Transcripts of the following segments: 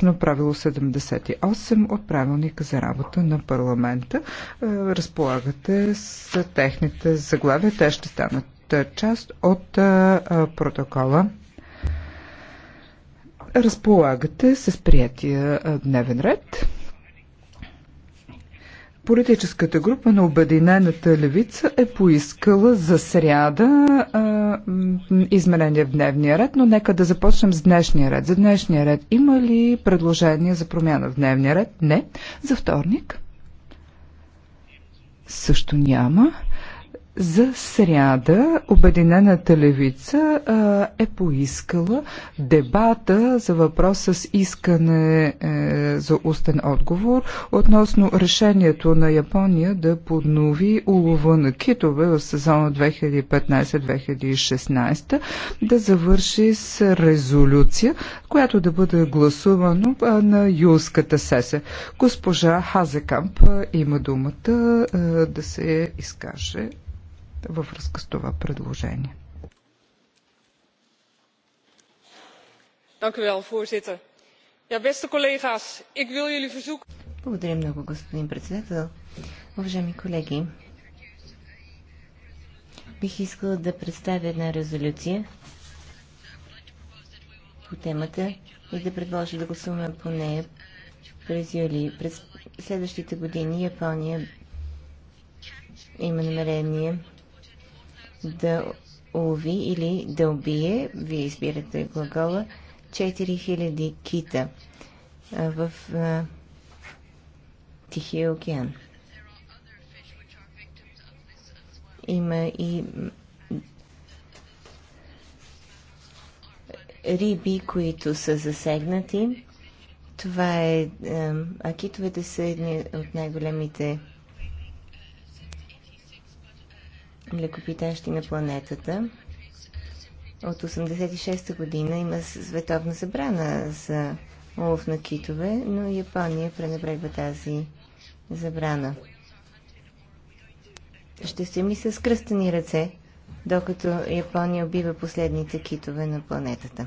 съгласно правило 78 от правилника за работа на парламента. Е, разполагате с техните заглавия. Те ще станат е, част от е, протокола. Разполагате с приятия дневен ред. Политическата група на Обединената левица е поискала за сряда изменения в дневния ред, но нека да започнем с днешния ред. За днешния ред има ли предложение за промяна в дневния ред? Не. За вторник? Също няма. За сряда Обединената левица а, е поискала дебата за въпрос с искане е, за устен отговор относно решението на Япония да поднови улова на китове в сезона 2015-2016, да завърши с резолюция, която да бъде гласувана на юлската сесия. Госпожа Хазекамп има думата е, да се изкаже във връзка с това предложение. Благодаря много, господин председател. Уважаеми колеги, бих искала да представя една резолюция по темата и да предложа да гласуваме по нея през юли. През следващите години Япония има намерение да улови или да убие, вие избирате глагола, 4000 кита в Тихия океан. Има и риби, които са засегнати. Това е... акитовете са едни от най-големите млекопитащи на планетата. От 86-та година има световна забрана за улов на китове, но Япония пренебрегва тази забрана. Ще се ми с кръстени ръце, докато Япония убива последните китове на планетата.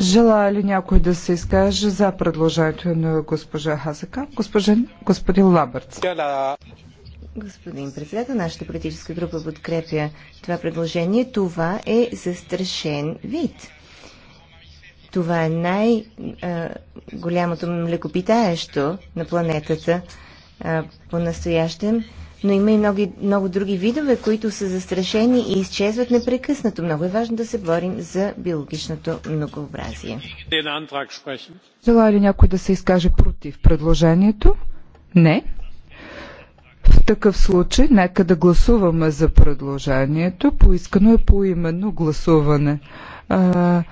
Желая ли някой да се изкаже за предложението на госпожа Хазака? Госпожен, господин Лабърц. Господин председател, нашата политическа група подкрепя това предложение. Това е застрашен вид. Това е най-голямото млекопитаещо на планетата по-настоящем, но има и много, много други видове, които са застрашени и изчезват непрекъснато. Много е важно да се борим за биологичното многообразие. Желая ли някой да се изкаже против предложението? Не такъв случай, нека да гласуваме за предложението. Поискано е поименно гласуване. А,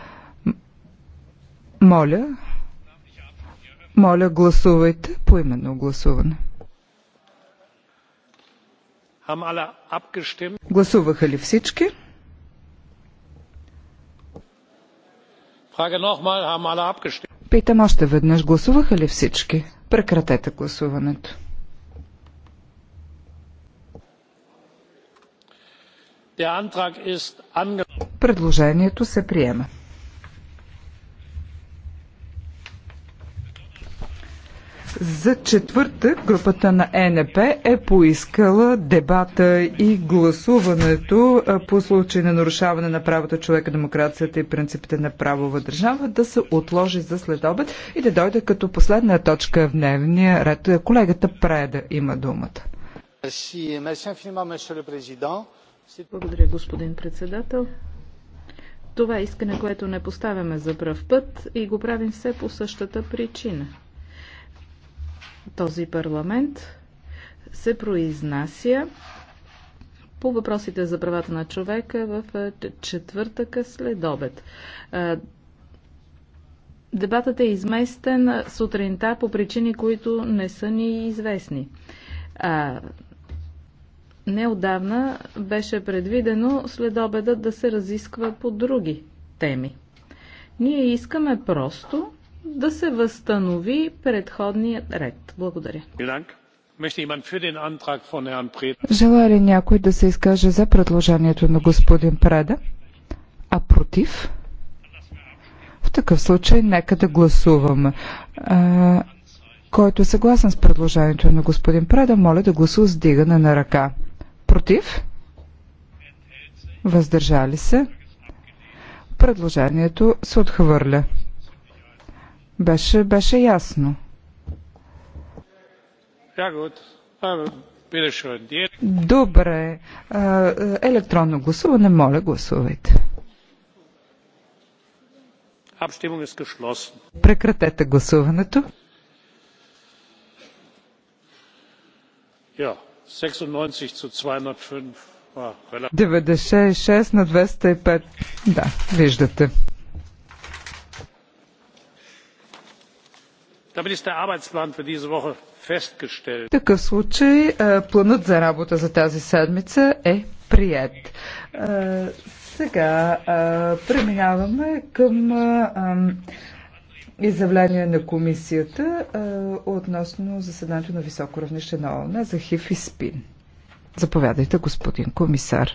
моля, моля, гласувайте поименно гласуване. Гласуваха ли всички? Питам още веднъж, гласуваха ли всички? Прекратете гласуването. Предложението се приема. За четвъртък групата на ЕНП е поискала дебата и гласуването по случай на нарушаване на правото човека, демокрацията и принципите на правова държава да се отложи за следобед и да дойде като последна точка в дневния ред. Колегата Преда има думата. Merci. Merci infiniment, monsieur le président. Благодаря, господин председател. Това е искане, което не поставяме за пръв път и го правим все по същата причина. Този парламент се произнася по въпросите за правата на човека в четвъртъка след обед. Дебатът е изместен сутринта по причини, които не са ни известни. Неодавна беше предвидено след обеда да се разисква по други теми. Ние искаме просто да се възстанови предходният ред. Благодаря. Желая ли някой да се изкаже за предложението на господин Преда? А против? В такъв случай нека да гласуваме. А, който е съгласен с предложението на господин Преда, моля да гласува с дигане на ръка. Против? Въздържали се? Предложението се отхвърля. Беше, беше ясно. Добре. Електронно гласуване, моля, гласувайте. Е Прекратете гласуването. 96 на 205. Да, виждате. В такъв случай е, планът за работа за тази седмица е прият. Е, сега е, преминаваме към изявление на комисията а, относно заседанието на високо равнище на ООН за ХИФ и СПИН. Заповядайте, господин комисар.